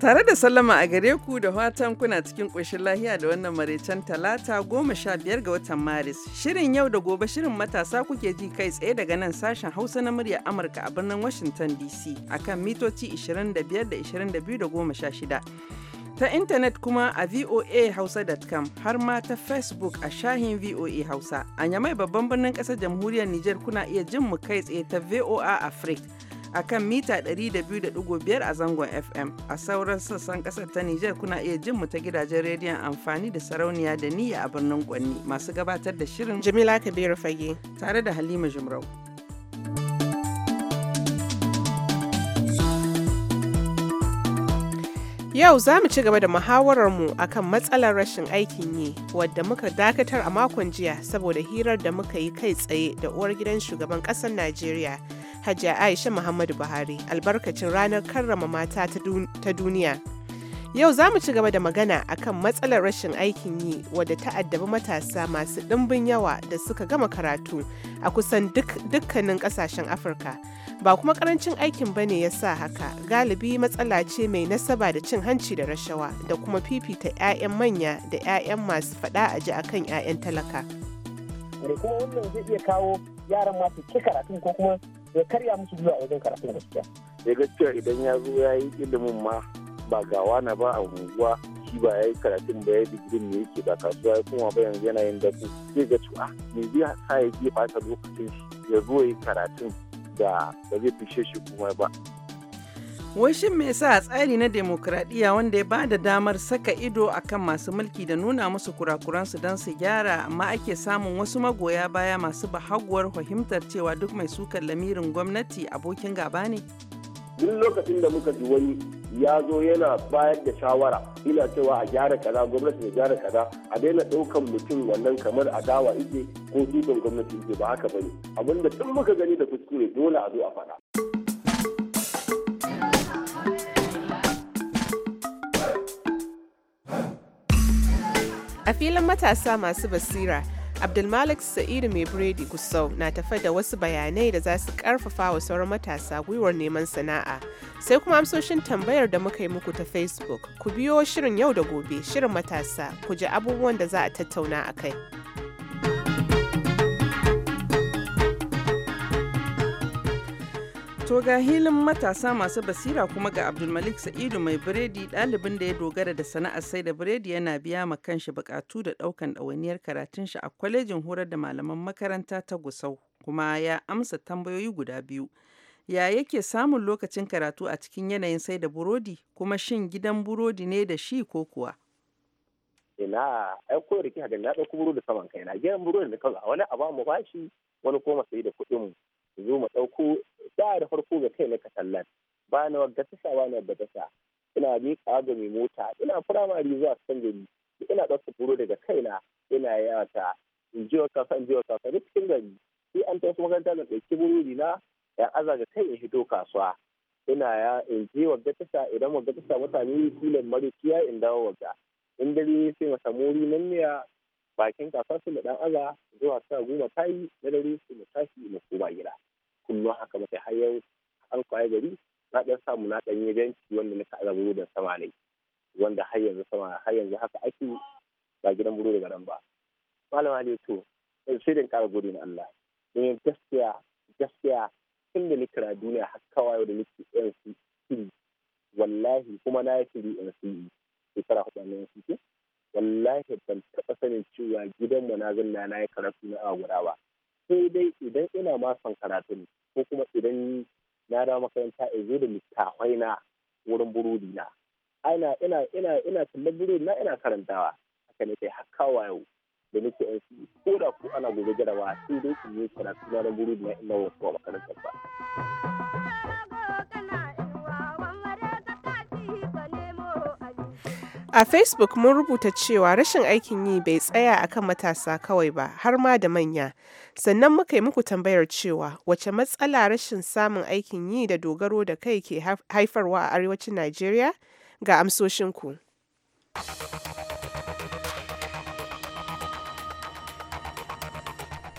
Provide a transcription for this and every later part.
Tare da sallama a gare ku da watan kuna cikin ƙoshin lahiya da wannan maraicen talata goma sha biyar ga watan Maris. Shirin yau da gobe shirin matasa kuke ji kai tsaye daga nan sashen Hausa na murya Amurka a birnin Washington DC akan mitoci 25 da 22 da goma sha shida. Ta intanet kuma a voahausa.com har ma ta Facebook a shahin VOA Hausa. A yamai babban birnin ƙasar jamhuriyar Nijar kuna iya jin mu kai tsaye ta VOA Africa. a kan mita 200.5 a zangon FM. A sauran sassan kasar ta Nijar kuna iya jin mu ta gidajen rediyon amfani da sarauniya da niyya a birnin Gwanni masu gabatar da shirin Jamila Kabiru Fage tare da Halima Jumrau. Yau za mu ci gaba da muhawararmu akan matsalar rashin aikin yi wadda muka dakatar a makon jiya saboda hirar da muka yi kai tsaye da uwar gidan shugaban ƙasar Najeriya. Hajiya Aisha Muhammadu Buhari albarkacin ranar karrama mata ta duniya. Yau za mu ci gaba da magana akan matsalar rashin aikin yi wadda ta matasa masu ɗimbin yawa da suka gama karatu a kusan dukkanin ƙasashen Afirka. Ba kuma ƙarancin aikin bane ya sa haka, galibi matsala ce mai nasaba da cin hanci da rashawa da kuma fifita 'ya'yan manya da 'ya'yan masu faɗa a ji akan 'ya'yan talaka. kuma wannan zai iya kawo yaran masu karatun ko ya karya musu zuwa wajen karatun gaskiya ya eh, gaskiya idan ya zo ya yi ilimin ma ba gawa na ba a unguwa shi ba ya yi karatun ba ya yi digirin ne yake ba kasuwa ya kuma ba yanzu yana yin dafu zai ga cewa ah, me zai sa ya je ɓata lokacin shi ya zo ya yi karatun da ba zai fishe shi kuma ba Wai shin me yasa a tsari na demokradiyya wanda ya ba da damar saka ido a kan masu mulki da nuna musu kurakuransu don su gyara amma ake samun wasu magoya baya masu bahaguwar fahimtar cewa duk mai sukar lamirin gwamnati abokin gaba ne? Duk lokacin da muka ji wani ya zo yana bayar da shawara ina cewa a gyara kaza gwamnati ya gyara kaza a daina ɗaukan mutum wannan kamar adawa ike ko dutsen gwamnati ike ba haka bane abinda tun muka gani da kuskure dole a zo a faɗa. A filin matasa masu basira, Abdulmalik Sa'idu mai biredi Gusau na tafe da wasu bayanai da za su karfafa wa sauran matasa gwiwar neman sana'a. Sai kuma amsoshin tambayar da muka yi muku ta Facebook. Ku biyo shirin yau da gobe, shirin matasa, ku ji abubuwan da za a tattauna a kai. To ga hilin matasa masu basira kuma ga Abdulmalik Sa'idu mai biredi ɗalibin da ya dogara da sana'ar sai da biredi yana biya ma kanshi bukatu da ɗaukan ɗawainiyar karatun shi a kwalejin horar da malaman makaranta ta Gusau kuma ya amsa tambayoyi guda biyu. Ya yake samun lokacin karatu a cikin yanayin sai da burodi kuma shin gidan burodi ne da shi ko kuwa? Ina ai ko rike hadin na ɗauko burodi saman na gidan burodi da kawai wani a ba mu bashi wani kuma sai da kuɗin mu zo mu ɗauko tsaya da farko ga kai na kasallan ba na wagga tasa ba na ta sa ina bi ga mai mota ina firamare zuwa sangari ina ɗauka furo daga kaina ina yata in ji wa san in ji wa duk cikin gari sai an tafi makaranta na ɗauki burodi na ya aza ga kai ya hito kasuwa ina ya in je ta sa idan ta sa mutane filin marikiya in dawo wadda in dare sai mu samu wuri nan miya bakin kasuwa su mu dan aza zuwa sa goma tayi na dare su mu tashi mu koma gida kullum haka ba sai har yau an kwaye gari na dan samu na ɗan yi benci wanda na kaɗa da sama ne wanda har yanzu sama har yanzu haka ake ba gidan burodi garan ba Malam ali to sai da ƙara gode na Allah yi eh, gaskiya gaskiya tun da duniya har kawai da nake yan su wallahi kuma na yi shiri yan su shekara hudu na yan su wallahi ban taɓa sanin cewa gidan mu na zanna na yi karatu na awa guda ba sai dai idan ina ma son karatu ne ko kuma idan na dawo makaranta in zo da littafai na wurin burodi na ina ina ina ina tallan burodi na ina karantawa haka ne kai haka wayo da nake yan su ko da ko ana gobe jarawa sai dai su yi karatu na burodi na ina wasu makarantar ba A Facebook mun rubuta cewa rashin aikin yi bai tsaya akan matasa kawai ba har ma da manya. Sannan muka yi muku tambayar cewa wace matsala rashin samun aikin yi da dogaro da kai ke haifarwa a arewacin Najeriya ga amsoshinku.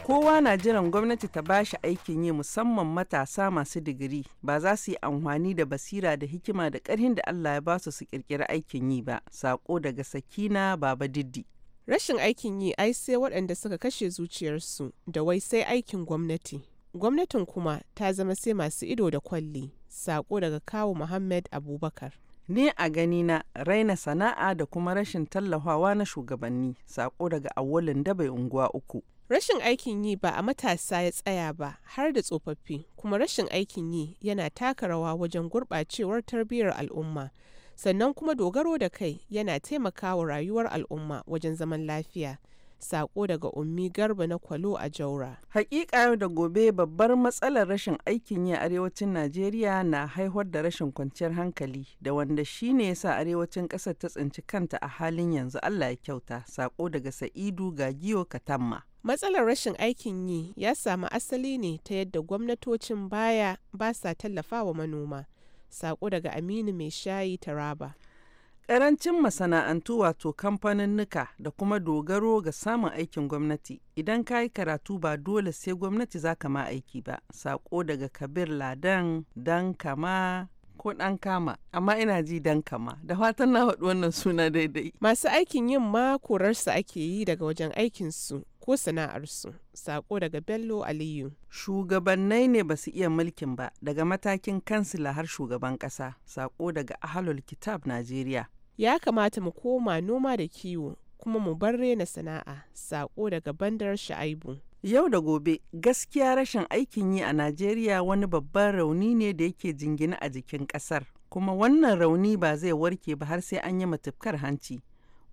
kowa na jiran gwamnati ta bashi aikin yi musamman matasa masu digiri ba za su yi amfani da basira da hikima da ƙarhin da Allah ya basu su ƙirƙiri aikin yi ba sako daga sakina baba diddi rashin aikin yi ai sai waɗanda suka kashe zuciyarsu da wai sai aikin gwamnati gwamnatin kuma ta zama sai masu ido da kwalli sako daga kawu muhammad abubakar ne a ganina raina sana'a da kuma rashin tallafawa na shugabanni sako daga awolin bai unguwa uku Rashin aikin yi ba a matasa ya tsaya ba har da tsofaffi kuma rashin aikin yi yana taka rawa wajen gurɓacewar tarbiyyar al'umma sannan kuma dogaro da kai yana taimakawa rayuwar al'umma wajen zaman lafiya. sako daga ummi garba na kwalo a jaura. Hakika yau da gobe babbar matsalar rashin aikin yi a arewacin Najeriya na haihuwar da rashin kwanciyar hankali da wanda shi ne sa arewacin ƙasa ta tsinci kanta a halin yanzu Allah ya kyauta sako daga Sa'idu Gagiyo Katamma. Matsalar rashin aikin yi ya samu asali ne ta yadda gwamnatocin baya ba sa tallafawa manoma. Sako daga Aminu Mai Shayi Taraba. Ƙarancin masana'antu wato kamfanin kamfaninnika da kuma dogaro ga samun aikin gwamnati. Idan ka yi karatu ba dole sai gwamnati za ka ma aiki ba. Sako daga Kabir Ladan dan kama ko dan kama amma ina ji dan kama da fatan na haɗu wannan suna daidai masu aikin yin ma korarsa ake yi daga wajen aikinsu. ko sana'arsu. Sako daga Bello Aliyu. Shugabannai ne ba su iya mulkin ba daga matakin kansila har shugaban ƙasa. Sako daga Ahalul Kitab Najeriya. Ya kamata mu koma noma da kiwo kuma mu bar rena sana'a. Sako daga Bandar Sha'aibu. Yau da gobe gaskiya rashin aikin yi a Najeriya wani babban rauni ne da yake jingina a jikin ƙasar. Kuma wannan rauni ba zai warke ba har sai an yi matukar hanci.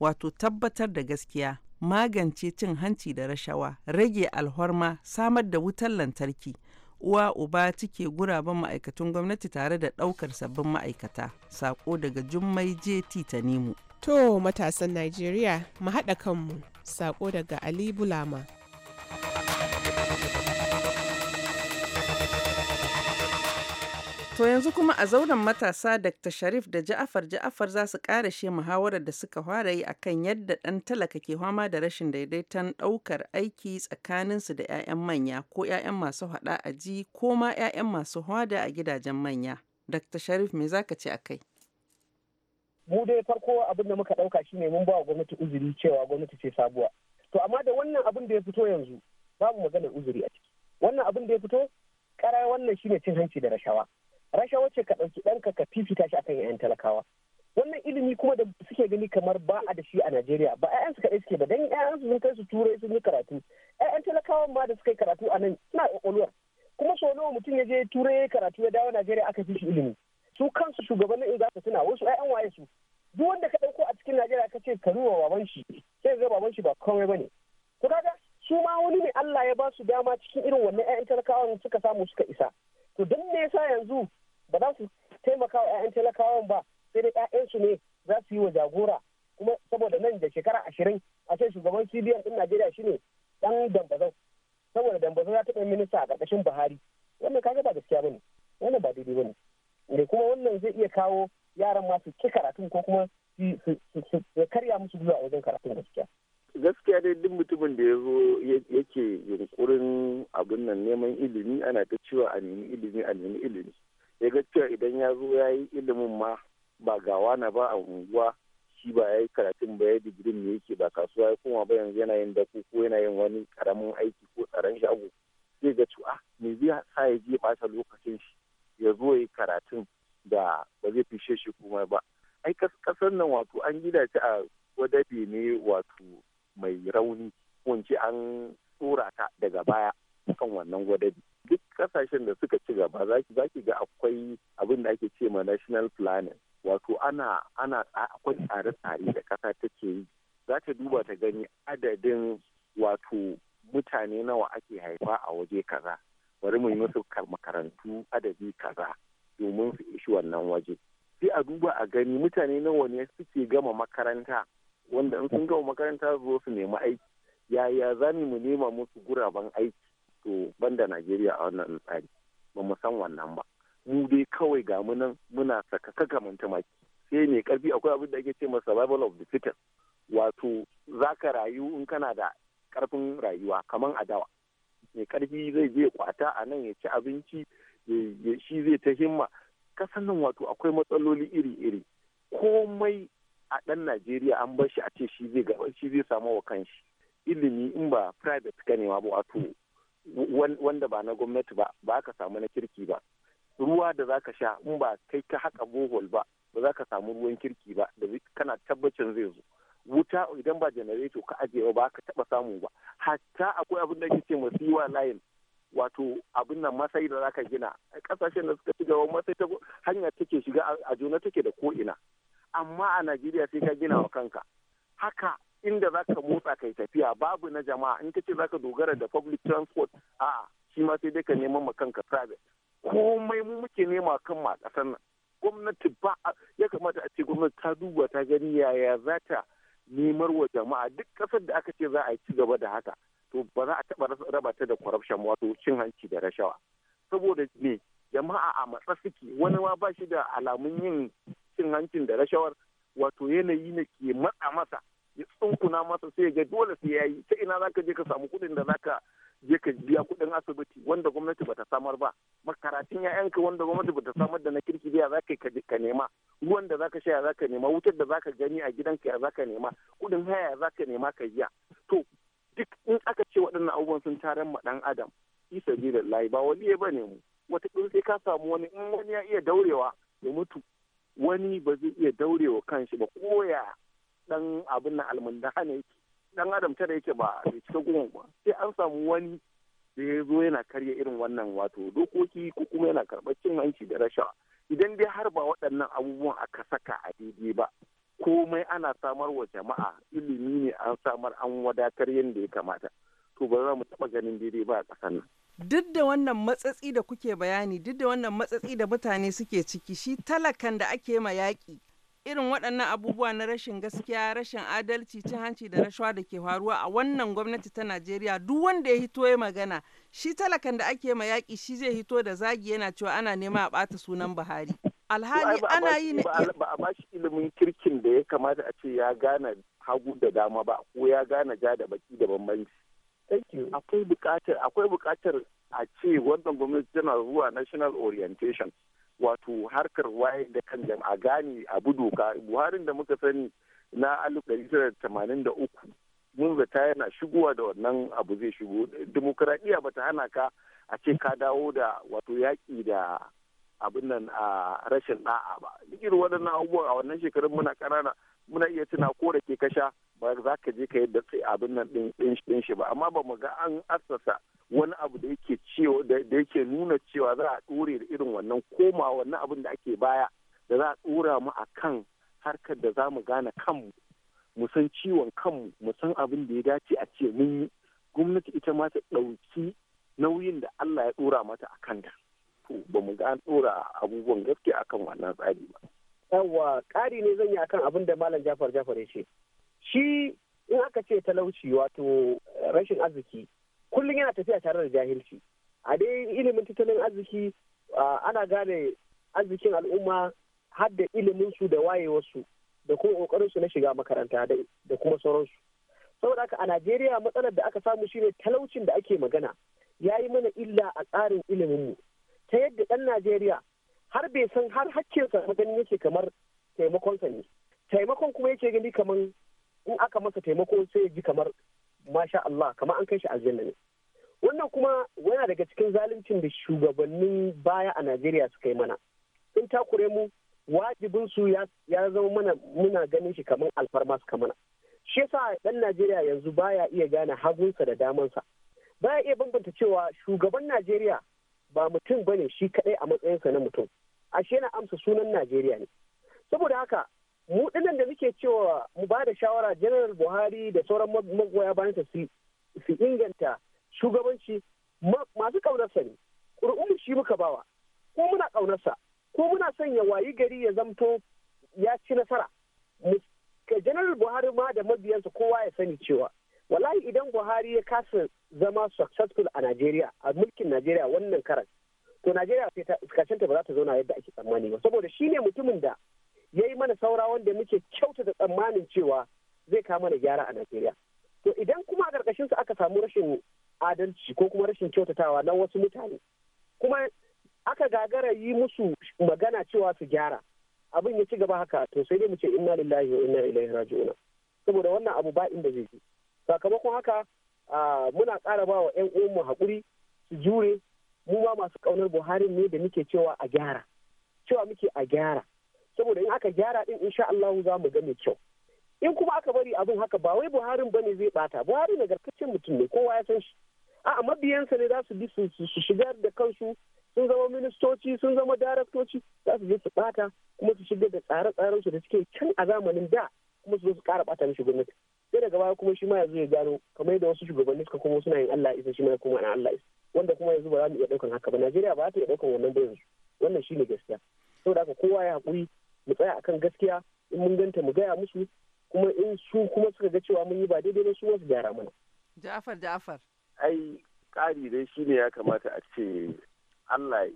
Wato tabbatar da gaskiya magance cin hanci da rashawa, rage alhorma, samar da wutar lantarki. Uwa uba cike guraben ma'aikatun gwamnati tare da ɗaukar sabbin ma'aikata. Sako daga Jummai JT Tanimu. To matasan Najeriya, mu haɗa kanmu. Sako daga Ali Bulama. To yanzu kuma a zauren matasa Dr. Sharif da Ja'afar Ja'afar za su shi muhawarar da suka fara yi akan yadda ɗan talaka ke fama da rashin daidaiton ɗaukar aiki tsakaninsu da 'ya'yan manya ko 'ya'yan masu haɗa a ji ko ma 'ya'yan masu hada a gidajen manya. Dr. Sharif me za ka ce a kai? Mu dai farko abin da muka ɗauka shine mun ba wa gwamnati uzuri cewa gwamnati ce sabuwa. To amma da wannan abin da ya fito yanzu babu maganar uzuri a ciki. Wannan abin da ya fito ƙara wannan shine cin hanci da rashawa. rashawa ce ka ɗauki ɗanka ka fifita shi akan 'ya'yan talakawa wannan ilimi kuma da suke gani kamar ba a da shi a Najeriya ba 'ya'yansu kaɗai suke ba dan 'ya'yansu sun kai su turai sun yi karatu 'ya'yan talakawan ma da suka yi karatu a nan suna ƙwaƙwalwar kuma sau nawa mutum ya je turai karatu ya dawo Najeriya aka fi shi ilimi su kansu shugabannin za su tuna wasu 'ya'yan waye su duk wanda ka ɗauko a cikin Najeriya ka ce ka nuna baban shi sai ga baban shi ba komai bane to kaga su ma wani ne Allah ya ba su dama cikin irin wannan 'ya'yan talakawan suka samu suka isa to duk me yasa yanzu ba za su taimaka wa 'ya'yan talakawan ba sai dai 'ya'yansu ne za su yi wa jagora kuma saboda nan da shekara ashirin a ce shugaban cbn din najeriya shine dan dambazau saboda dambazau ya taɓa minista a ƙarƙashin buhari wannan kaga ba gaskiya bane wannan ba daidai bane ne kuma wannan zai iya kawo yaran masu ki karatun ko kuma su karya musu zuwa wajen karatun gaskiya gaskiya dai duk mutumin da ya zo yake yunkurin abin nan neman ilimi ana ta cewa a nemi ilimi a nemi ilimi ya ga cewa idan ya zo ya yi ilimin ma ba gawa na ba a unguwa shi ba ya yi karatun ba ya digirin ne yake ba kasuwa ya koma ba yanzu yana yin dako ko yana yin wani karamin aiki ko tsaron shago zai ga cewa ah, me zai sa ya je ɓata lokacin shi ya zo ya yi karatun da ba zai fishe shi kuma ba ai kasar nan wato an gida ta a wadabe ne wato mai rauni ko an tsora ta daga baya kan wannan gwadabi duk kasashen da suka ci gaba za ki ga akwai abin da ake ce ma national planning wato ana ana akwai tsare-tsare da kasa take yi za ta duba ta gani adadin wato mutane nawa ake haifa a waje kaza bari mu yi musu makarantu adadi kaza domin su ishi wannan waje sai a duba a gani mutane nawa ne suke gama makaranta wanda in sun gama makaranta zo su nemi aiki yaya za mu nema musu guraben aiki to banda najeriya a wannan tsari ba mu san wannan ba mu dai kawai ga mu nan muna saka kaka maki sai mai karfi akwai abin da ake ce ma survival of the fittest wato za ka rayu in kana da karfin rayuwa kamar adawa mai karfi zai je kwata a nan ya ci abinci shi zai ta himma kasan nan wato akwai matsaloli iri-iri komai a ɗan Najeriya an bar shi a ce shi zai gaba shi zai samu wa kanshi ilimi in ba private ka nema ba wato wanda ba na gwamnati ba ba ka samu na kirki ba ruwa da za ka sha in ba kai ka haka bohol ba ba za ka samu ruwan kirki ba da kana tabbacin zai zo wuta idan ba janareto ka ajiye ba ka taba samu ba hatta akwai abin da ke ce masu yiwa layin wato abin nan masai da zaka gina kasashen da suka ci gaba masai ta hanya take shiga a juna take da ko ina amma a najeriya sai ka gina wa kanka haka inda za ka motsa kai tafiya babu na jama'a in ka ce za ka dogara da public transport a shi ma sai dai ka neman ma kanka private komai mu muke nema kan ma kasar nan gwamnati ba ya kamata a ce gwamnati ta duba ta gani yaya za ta nemar wa jama'a duk kasar da aka ce za a ci gaba da haka to ba za a taba raba ta da corruption wato cin hanci da rashawa saboda ne jama'a a matsa suke wani ma ba shi da alamun yin cin hancin da rashawar wato yanayi ne ke matsa masa ya tsunkuna masa sai ga dole sai ya yi ta ina zaka je ka samu kuɗin da zaka je ka biya kuɗin asibiti wanda gwamnati bata samar ba makaratun 'ya'yanka wanda gwamnati bata samar da na kirki biya zaka ka ka nema ruwan da zaka sha ya zaka nema wutar da zaka gani a gidanka ya zaka nema kuɗin haya ya zaka nema ka biya to duk in aka ce waɗannan abubuwan sun taron ma ɗan adam isa bi da ba waliye ba ne mu wata sai ka samu wani in wani ya iya daurewa ya mutu wani ba zai iya daure wa kanshi ba koya dan abin na almundaha ne dan adam tare yake ba bai cika goma ba sai an samu wani da ya zo yana karya irin wannan wato dokoki ko kuma yana karɓar cin hanci da rashawa idan dai har ba waɗannan abubuwan aka saka a daidai ba komai ana samar wa jama'a ilimi ne an samar an wadatar yadda ya kamata to ba za mu taɓa ganin daidai ba a ƙasar nan duk da wannan matsatsi da kuke bayani duk da wannan matsatsi da mutane suke ciki shi talakan da ake ma yaƙi irin waɗannan abubuwa na rashin gaskiya rashin adalci cin hanci da rashawa da ke faruwa a wannan gwamnati ta najeriya duk wanda ya hito ya magana shi talakan da ake ma yaƙi shi zai hito da zagi yana cewa ana nema a ɓata sunan buhari alhali ana yi ne ba a ba shi ilimin kirkin da ya kamata a ce ya gane hagu da dama ba ko ya gane ja da baki da bambanci akwai bukatar akwai bukatar a ce wannan gwamnati tana zuwa national orientation wato harkar waye da kan jama'a gane abu doka buharin da muka sani na 1983 uku mun zata yana shigowa da wannan abu zai shigo demokuraɗiyya bata hana ka a ce ka dawo da wato yaƙi da abin nan a rashin ɗa'a ba duk irin waɗannan abubuwa a wannan shekarun muna ƙanana muna iya tuna ko da ke kasha ba za ka je ka yadda sai abin nan ɗin shi ba amma ba mu ga an assasa wani abu da yake cewa da yake nuna cewa za a ɗore da irin wannan koma wannan abin da ake baya da za a ɗora mu a kan harkar da za mu gane kanmu mu san ciwon kanmu mu san abin da ya dace a ce mun yi gwamnati ita ma ta ɗauki nauyin da Allah ya ɗora mata a kanta. To ba mu ga an ɗora abubuwan gaske akan wannan tsari ba. yawa ƙari ne zan yi akan abin da malam jafar jafar ya ce shi in aka ce talauci wato rashin arziki kullum yana tafiya tare da jahilci a dai ilimin tattalin arziki ana gane arzikin al'umma har da ilimin da wayewarsu da kuma kokarin na shiga makaranta da kuma sauransu saboda haka a najeriya matsalar da aka samu shine talaucin da ake magana ya yi mana illa a tsarin iliminmu ta yadda ɗan najeriya har bai san har hakkinsa na ganin yake kamar taimakonsa ne taimakon kuma yake gani kamar in aka masa taimako sai ya ji kamar masha Allah kamar an kai shi aljanna ne wannan kuma yana daga cikin zaluncin da shugabannin baya a Najeriya suka yi mana sun takure mu wajibin su ya zama mana muna ganin shi kamar alfarma suka mana shi yasa dan Najeriya yanzu baya iya gane hagunsa da damansa baya iya bambanta cewa shugaban Najeriya ba mutum bane shi kaɗai a matsayinsa na mutum ashe na amsa sunan najeriya ne saboda haka mu dinnan da muke cewa mu ba da shawara janar buhari da sauran magoya bayan su inganta shugabanci masu ƙaunarsa ne ƙuri'un shi muka bawa ko muna ƙaunarsa ko muna son ya wayi gari ya zamto ya ci nasara ka janar buhari ma da mabiyansa kowa ya sani cewa wallahi idan buhari ya kasa zama successful a najeriya a mulkin najeriya wannan karan to najeriya sai ta ba za ta zauna yadda ake tsammani ba saboda shi ne mutumin da ya yi mana saura wanda muke kyautata tsammanin cewa zai kawo mana gyara a najeriya to idan kuma a ƙarƙashinsu aka samu rashin adalci ko kuma rashin kyautatawa na wasu mutane kuma aka gagara yi musu magana cewa su gyara abin ya ci gaba haka to sai dai mu ce inna lillahi wa inna ilaihi raji'una saboda wannan abu ba inda zai je sakamakon haka muna ƙara ba wa 'yan mu hakuri su jure mu ma masu ƙaunar buhari ne da muke cewa a gyara cewa muke a gyara saboda in aka gyara din insha Allah za mu ga mai kyau in kuma aka bari abin haka ba wai buharin bane zai bata buhari garkacin mutum ne kowa ya san shi a'a mabiyansa ne za su bi su shigar da kansu sun zama ministoci sun zama daraktoci za su je su bata kuma su shigar da tsare-tsaren su da suke can a zamanin da kuma su zo su kara bata mishi gwamnati sai daga baya kuma shi ma yanzu ya gano kamar yadda wasu shugabanni suka kuma suna yin Allah isa shi ma ya na Allah isa wanda kuma yanzu ba za mu iya daukan haka ba Najeriya ba za ta iya daukan wannan ba yanzu wannan shine gaskiya saboda haka kowa ya hakuri mu tsaya akan gaskiya in mun ganta mu gaya musu kuma in su kuma suka ga cewa mun yi ba daidai ba su wasu gyara mana jafar Ja'far ai kari dai shine ya kamata a ce Allah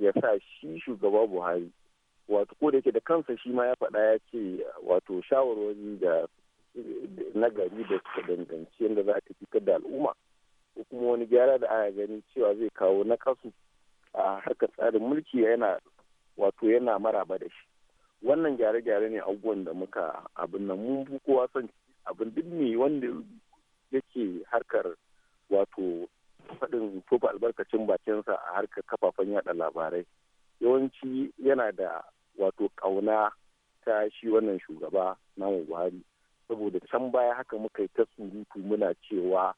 ya sa shi shugaba Buhari wato ko da yake da kansa shi ma ya faɗa ya ce wato shawarwari da na gari da suka danganci yadda za ta fitar da al'umma ko kuma wani gyara da aya gani cewa zai kawo na kasu a harkar tsarin mulki yana wato yana maraba da shi wannan gyare-gyare ne abubuwan da muka abin nan mun fi kowa son abin duk ne wanda yake harkar wato faɗin tofa albarkacin bakinsa a harkar kafafen yada labarai yawanci yana da wato ƙauna ta shi wannan shugaba namu buhari saboda can baya haka muka yi ta surutu muna cewa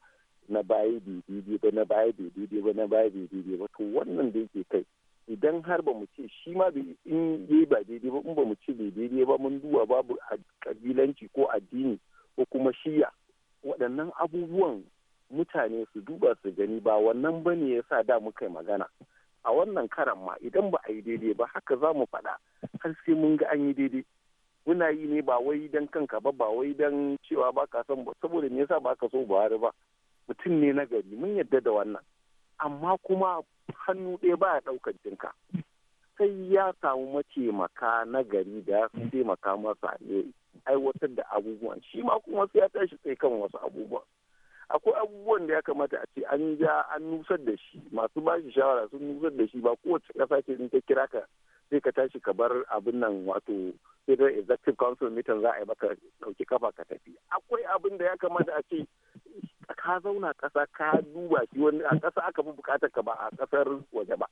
na baya daidai ba na baya daidai ba na baya daidai ba to wannan da yake kai idan har ba mu ce shi ma in yi ba daidai ba in ba mu ce daidai ba mun duba babu kabilanci ko addini ko kuma shiya waɗannan abubuwan mutane su duba su gani ba wannan ba ne ya sa da muka yi magana a wannan karan ma idan ba a yi daidai ba haka za mu faɗa har sai mun ga an yi daidai muna yi ne ba wai don kanka ba ba wai don cewa ba ka son ba saboda me yasa ba ka so Buhari ba mutum ne na gari mun yadda da wannan amma kuma hannu ɗaya ba ya ɗaukar jinka sai ya samu mataimaka na gari da ya taimaka masa ne aiwatar da abubuwan shi ma kuma sai ya tashi sai kan wasu abubuwan akwai abubuwan da ya kamata a ce an ja an nusar da shi masu ba shi shawara sun nusar da shi ba kowace ƙasa ce in ta kira ka sai ka tashi ka bar abin nan wato sai da executive council meeting za a yi maka dauki kafa ka tafi akwai abin da ya kamata a ce ka zauna kasa ka duba shi wani a kasa aka fi bukatar ka ba a kasar waje ba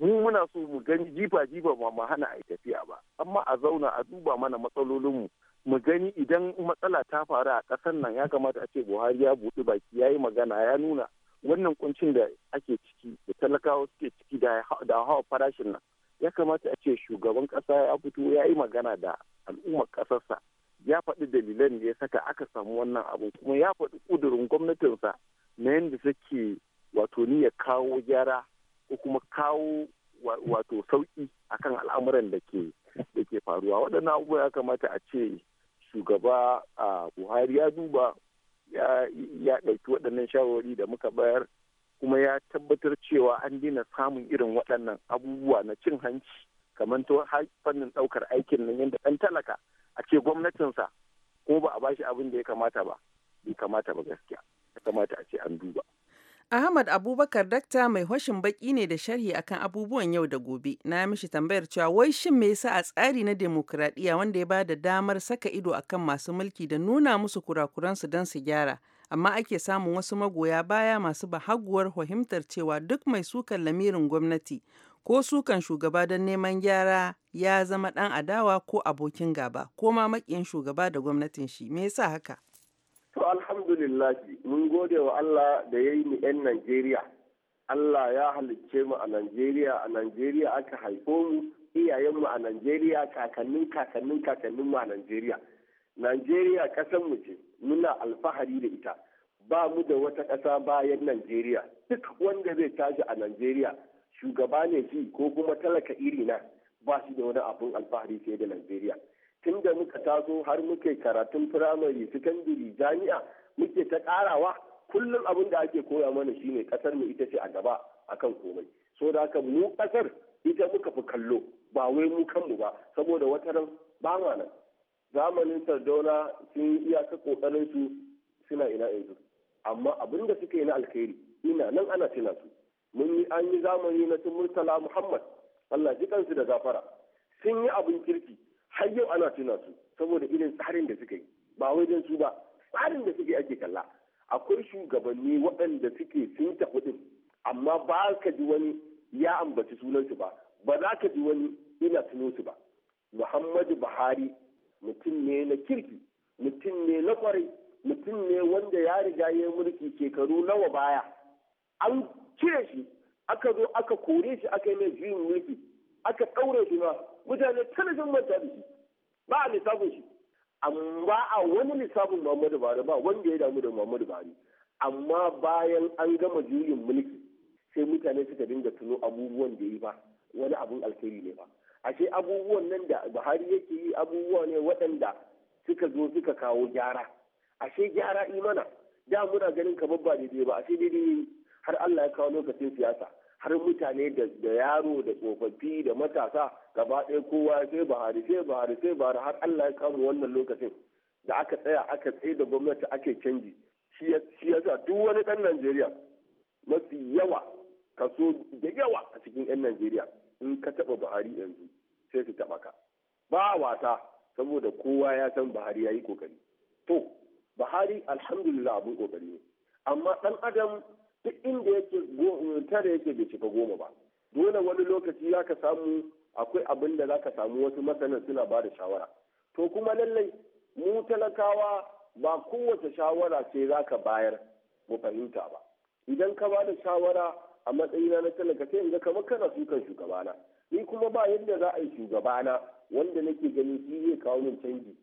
mu muna so mu gani jifa jifa ba mu hana a tafiya ba amma a zauna a duba mana matsalolin mu mu gani idan matsala ta faru a ƙasar nan ya kamata a ce buhari ya buɗi baki ya yi magana ya nuna wannan kuncin da ake ciki da talakawa suke ciki da hawa farashin nan ya kamata a ce shugaban kasa ya fito ya yi magana da al'ummar kasarsa ya faɗi dalilan da ya saka aka samu wannan abu kuma ya faɗi ƙudurin gwamnatinsa na yadda suke wato ya kawo gyara ko kuma kawo wato sauƙi akan al'amuran da ke da ke faruwa waɗannan abubuwa ya kamata a ce shugaba a buhari ya duba ya ɗauki waɗannan shawarwari da muka bayar kuma ya tabbatar cewa an dina samun irin waɗannan abubuwa na cin hanci kamar to fannin ɗaukar aikin nan yadda ɗan talaka a ce gwamnatinsa ko ba a bashi abin da ya kamata ba bai kamata ba gaskiya ya kamata a ce an duba. Ahmad Abubakar dakta mai hoshin baki ne da sharhi akan abubuwan yau da gobe. Na mishi tambayar cewa wai shin me yasa a tsari na demokradiyya wanda ya ba da damar saka ido akan masu mulki da nuna musu kurakuransu don su gyara. amma ake samun wasu magoya baya masu bahaguwar fahimtar cewa duk mai sukan lamirin gwamnati ko sukan shugaba don neman gyara ya zama ɗan adawa ko abokin gaba ko ma maƙiyin shugaba da gwamnatin shi me yasa haka to alhamdulillah mun gode wa Allah da yayi yi mu 'yan Najeriya Allah ya halicce mu a Najeriya a Najeriya aka haifo mu iyayen mu a Najeriya kakannin kakannin kakannin mu a Najeriya Najeriya mu ce muna alfahari da ita ba mu da wata ƙasa bayan Najeriya duk wanda zai tashi a Najeriya shugaba ne shi ko kuma talaka iri na ba shi da wani abun alfahari sai da Najeriya tun da muka taso har muke karatun firamare secondary jami'a muke ta karawa kullum abin da ake koya mana shine kasar mu ita ce a gaba akan komai so da haka mu ƙasar ita muka fi kallo ba wai mu kanmu ba saboda wata ran ba ma nan zamanin sardauna sun iyaka kokarin su suna ina yanzu amma abin da suka yi na alkhairi ina nan ana tuna su mun yi an yi zamani na murtala muhammad allah ji kansu da zafara, sun yi abin kirki har yau ana tuna su saboda irin tsarin da suka yi ba wai don su ba tsarin da suke ake kalla akwai shugabanni waɗanda suke sun tafi din amma ba ka ji wani ya ambaci sunansu ba ba za ka ji wani ina tuno su ba muhammadu buhari mutum ne na kirki mutum ne na kwarai mutum ne wanda ya riga ya mulki shekaru nawa baya an cire shi aka zo aka kore shi aka yi mai juyin mulki aka ɗaure shi ma mutane kada sun manta da shi ba a lissafin shi amma a wani lissafin Muhammadu Buhari ba wanda ya damu da Muhammadu Buhari amma bayan an gama juyin mulki sai mutane suka dinga tuno abubuwan da yi ba wani abun alheri ne ba ashe abubuwan nan da buhari yake yi abubuwa ne waɗanda suka zo suka kawo gyara ashe gyara imana da muna ganin kamar ba daidai ba ashe daidai har allah ya kawo lokacin siyasa har mutane da yaro da tsofaffi da matasa gaba ɗaya kowa sai buhari sai buhari sai buhari har allah ya kawo wannan lokacin da aka tsaya aka tsaye da gwamnati ake canji shi ya sa duk wani ɗan najeriya mafi yawa kaso da yawa a cikin 'yan najeriya in ka taɓa buhari yanzu sai su taɓa ka ba wasa saboda kowa ya san buhari ya yi kokari to buhari alhamdulillah abin kokari ne amma ɗan adam duk inda yake tare yake bai cika goma ba dole wani lokaci za ka samu akwai abin da za ka samu wasu masana suna ba da shawara to kuma lallai mu talakawa ba kowace shawara sai za ka bayar mu fahimta ba idan ka ba da shawara a matsayina na talaka sai in ga kamar kana sukan shugabana ni kuma ba yadda za a yi shugabana wanda nake ganin shi zai kawo min canji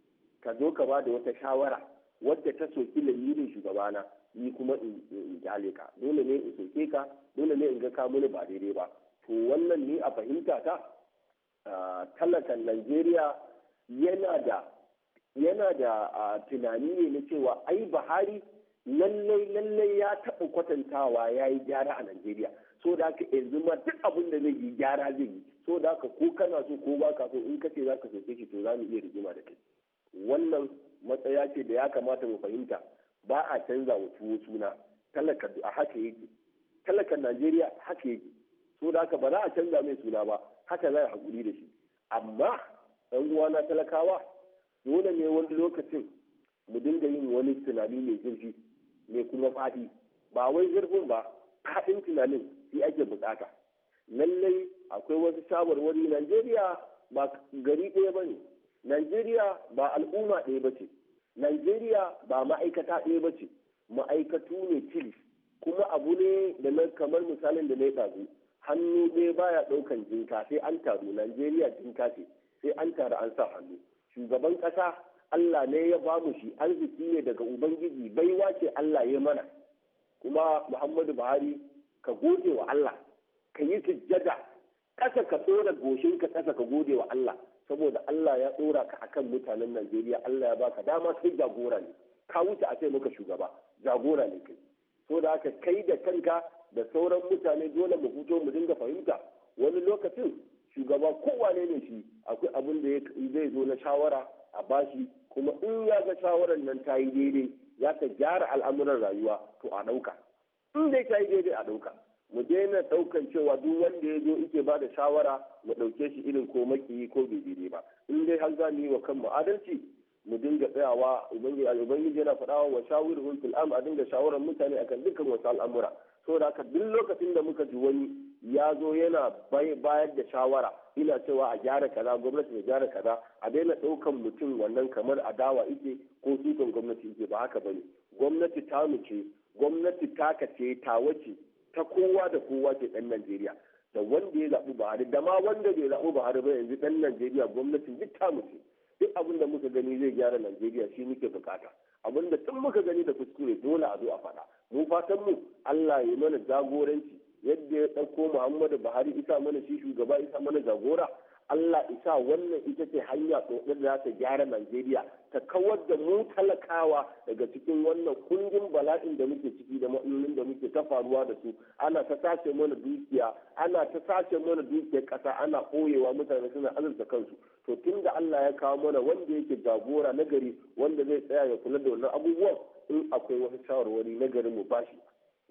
ka zo ka ba da wata shawara wadda ta soki lamirin shugabana ni kuma in kyale ka dole ne in soke ka dole ne in ga ka mini ba daidai ba to wannan ne a fahimta ta talakan Najeriya yana da yana da tunani ne na cewa ai Buhari lallai lallai ya taɓa kwatantawa ya yi gyara a najeriya so da haka yanzu ma duk abin da zai yi gyara zai yi so da haka ko kana so ko ba ka so in ka ce za ka soke shi to za mu iya rigima da kai wannan matsaya ce da ya kamata mu fahimta ba a canza wa tuwo suna talaka a haka yake talakan najeriya haka yake so da haka ba za a canza mai suna ba haka za a haƙuri da shi amma ɗan uwana talakawa dole ne wani lokacin mu dinga yin wani tunani mai zurfi mai kuma faɗi ba wai zurfin ba haɗin tunanin sai ake bukata lallai akwai wasu shawarwari najeriya ba gari ɗaya ba ne najeriya ba al'umma ɗaya ba ce najeriya ba ma'aikata ɗaya ba ce ma'aikatu ne cili. kuma abu ne da na kamar misalin da na yi ɗazu hannu ɗaya baya ɗaukan jinka sai an taru najeriya jinka ce sai an taru an sa hannu shugaban ƙasa Allah ne ya ba mu shi arziki ne daga ubangiji baiwa ce Allah ya mana kuma Muhammadu Buhari ka gode wa Allah ka yi sujjada ƙasa ka tsora goshin ka kasa ka gode wa Allah saboda Allah ya tsora ka akan mutanen Najeriya Allah ya baka dama sai jagora ne ka wuce a sai maka shugaba jagora ne kai so da haka kai da kanka da sauran mutane dole mu huto mu dinga fahimta wani lokacin shugaba kowane ne shi akwai abin da zai zo na shawara a bashi kuma in ya ga shawarar nan ta yi daidai ya ta gyara al'amuran rayuwa to a ɗauka in dai ta yi daidai a ɗauka mu daina ɗaukan cewa duk wanda ya zo ike ba da shawara mu ɗauke shi irin ko makiyi ko bai daidai ba in dai har za mu yi wa kanmu adalci mu dinga tsayawa ubangiji yana faɗawa wa shawarar fil a dinga shawarar mutane akan dukkan wasu al'amura saboda haka duk lokacin da muka ji wani ya zo yana bayar da shawara ina cewa a gyara kaza gwamnati ya gyara kaza a daina ɗaukan mutum wannan kamar adawa ike ko sukan gwamnati ike ba haka bane gwamnati ta nuce gwamnati ta kace ta wace ta kowa da kowa ke ɗan Najeriya da wanda ya zaɓi Buhari da ma wanda bai zaɓi Buhari ba yanzu ɗan Najeriya gwamnati duk ta nuce duk abin da muka gani zai gyara Najeriya shi muke bukata abin da tun muka gani da kuskure dole a zo a faɗa mu fatan mu Allah ya mana jagoranci yadda ya ɗauko muhammadu buhari isa mana shi shugaba isa mana jagora allah isa wannan ita ce hanya tsotsar da ta gyara najeriya ta kawar da mu talakawa daga cikin wannan kungin bala'in da muke ciki da matsalolin da muke ta faruwa da su ana ta sace mana dukiya ana ta sace mana dukiyar ƙasa ana ɓoyewa mutane suna azurta kansu to tun da allah ya kawo mana wanda yake jagora nagari wanda zai tsaya ya kula da wannan abubuwan in akwai wasu shawarwari na gari mu bashi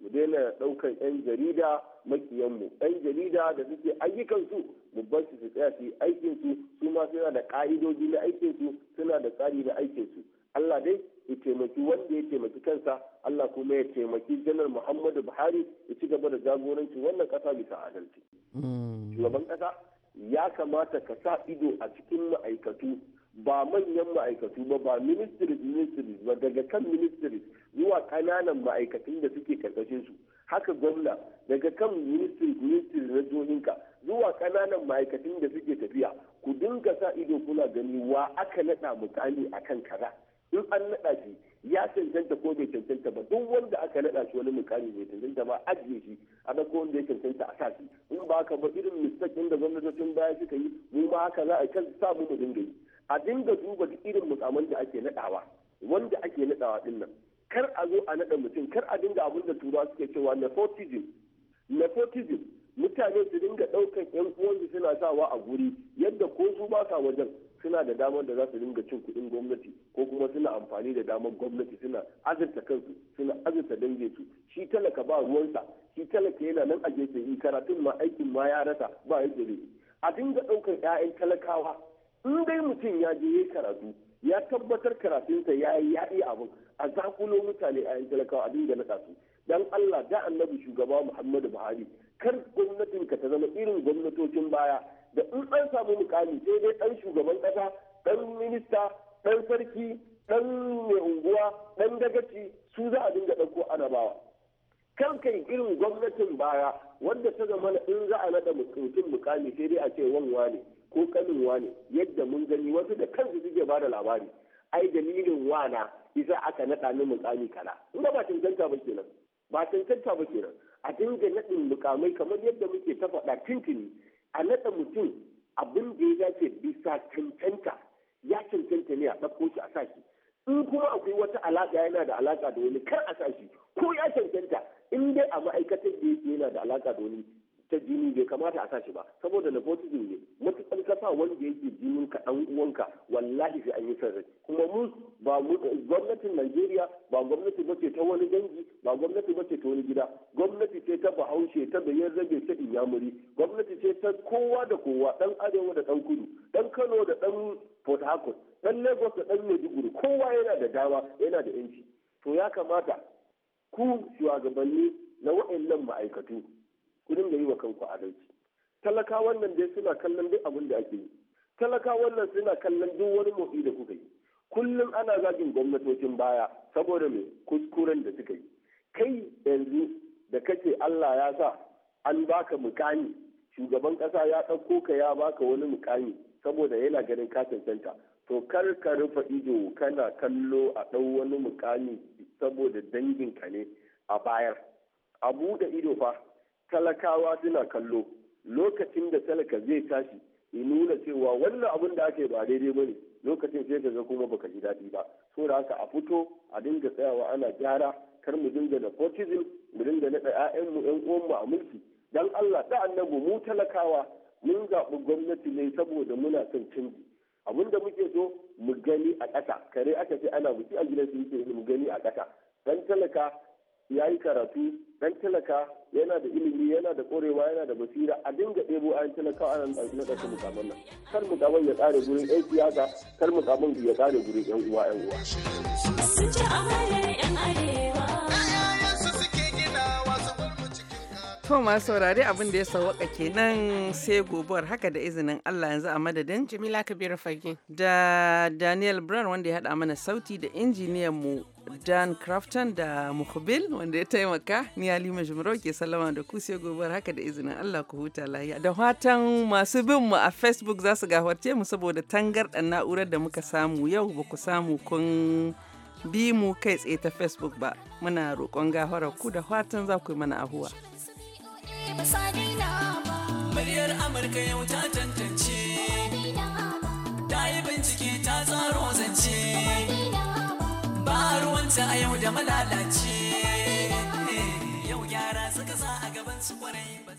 mu daina ɗaukar 'yan jarida makiyan mu 'yan jarida da suke ayyukansu mu bar su su tsaya su yi aikinsu su ma suna da ƙa'idoji na aikinsu suna da tsari na aikin su Allah dai ya taimaki wanda ya taimaki kansa Allah kuma ya taimaki janar Muhammadu Buhari ya ci gaba da jagoranci wannan ƙasa bisa adalci. Hmm. Shugaban ƙasa ya kamata ka sa ido a cikin ma'aikatu ba manyan ma'aikatu ba ba ministries ministries ba daga kan ministries zuwa kananan ma'aikatan da suke karkashin su haka gwamna daga kan ministry ministry na jihohinka zuwa kananan ma'aikatan da suke tafiya ku dinga sa ido kuna gani wa aka naɗa mutane akan kaza in an naɗa shi ya cancanta ko bai cancanta ba duk wanda aka naɗa shi wani mukami bai cancanta ba ajiye shi a na wanda ya cancanta a sashi in ba haka ba irin mistakin da gwamnatocin baya suka yi mu ba haka za a kan sa mu mu dinga yi a dinga duba irin mukaman da ake naɗawa wanda ake naɗawa ɗin nan kar a zo a naɗa mutum kar a dinga abin da turawa suke cewa nepotism nepotism mutane su dinga ɗaukan yan uwansu suna sawa a guri yadda ko su ba sa wajen suna da damar da za su dinga cin kuɗin gwamnati ko kuma suna amfani da damar gwamnati suna azurta kansu suna azurta danginsu shi talaka ba ruwansa shi talaka yana nan a gefe yi karatun ma aikin ma ya rasa ba yadda zai a dinga ɗaukar 'ya'yan talakawa in dai mutum ya je ya karatu ya tabbatar karatunsa ya yi ya abin a zakulo mutane a yan talakawa abin da na su dan Allah da annabi shugaba Muhammadu Buhari kar gwamnatin ka ta zama irin gwamnatocin baya da in an samu mukami sai dai dan shugaban kasa dan minista dan sarki dan mai unguwa dan dagaci su za a dinga ɗauko ana bawa kan kai irin gwamnatin baya wanda ta zama in za a naɗa mutum mukami sai dai a ce wanwa ne ko kanin ne yadda mun gani wasu da kansu suke ba da labari ai dalilin wana isa aka naɗa ni mukami kala in ba cancanta ba kenan ba cancanta ba kenan a dinga naɗin mukamai kamar yadda muke ta faɗa tintini a naɗa mutum abin da ya dace bisa cancanta ya cancanta ne a ɗauko shi a sashi in kuma akwai wata alaƙa yana da alaƙa da wani kar a sashi ko ya cancanta in dai a ma'aikatar da yake yana da alaƙa da wani ta jini bai kamata a tashi ba saboda nepotism ne matuƙar ka wanda yake jinin ka dan uwanka wallahi sai an yi sarri kuma mu ba gwamnatin Najeriya ba gwamnati ce ta wani dangi ba gwamnati ce ta wani gida gwamnati ce ta Bahaushe ta bayan rage ta Inyamuri gwamnati ce ta kowa da kowa dan arewa da dan kudu dan Kano da dan Port Harcourt dan Lagos da dan Maiduguri kowa yana da dama yana da yanci to ya kamata ku shugabanni na wa'annan ma'aikatu ku dinga yi wa kanku adalci talaka wannan dai suna kallon duk abin da ake yi talaka wannan suna kallon duk wani motsi da kuka yi kullum ana zagin gwamnatocin baya saboda me kuskuren da suka yi kai yanzu da kace Allah ya sa an baka mukami shugaban kasa ya ɗauko ka ya baka wani mukami saboda yana ganin ka cancanta to kar ka rufe ido kana kallo a ɗau wani mukami saboda dangin ka ne a bayar a buɗe ido fa talakawa suna kallo lokacin da talaka zai tashi in nuna cewa wannan abin da ake ba daidai ba ne lokacin sai ka ga kuma baka ji daɗi ba so da haka a fito a dinga tsayawa ana gyara kar mu dinga fortism mu dinga naɗa 'ya'yanmu 'yan uwanmu a mulki dan Allah da annabi mu talakawa mun zaɓi gwamnati ne saboda muna son canji abin da muke so mu gani a ƙasa kare aka ce ana biki a gidan su yake mu gani a ƙasa dan talaka ya yi karatu dan talaka yana da ilimi yana da korewa yana da basira a dinga ɗebo ayan talaka a nan ɗauki na ɗauki mukamman nan kar mukamman ya ƙare gurin ɗan siyasa kar mukamman ya ƙare gurin yan uwa yan uwa. Sun ma saurari abin da ya sawaka kenan sai gobuwar haka da izinin Allah yanzu a madadin. Jamila Kabiru Fage. Da Daniel Brown wanda ya haɗa mana sauti da injiniyan mu Dan Crafton da Mukhbil wanda ya taimaka ni Halima Jumro ke sallama da ku sai gobe haka da izinin Allah ku huta lafiya. Da fatan masu bin mu a Facebook za su gafarce mu saboda tangarɗan na'urar da muka samu yau ba ku samu kun bi mu kai tsaye ta Facebook ba. Muna roƙon gafarar ku da fatan za ku yi mana ahuwa. Muryar Amurka yau ta tantance, ta yi bincike ta tsaro zance. ba ruwanta a yau da malalaci eh, yau gyara suka sa a gaban su kwarai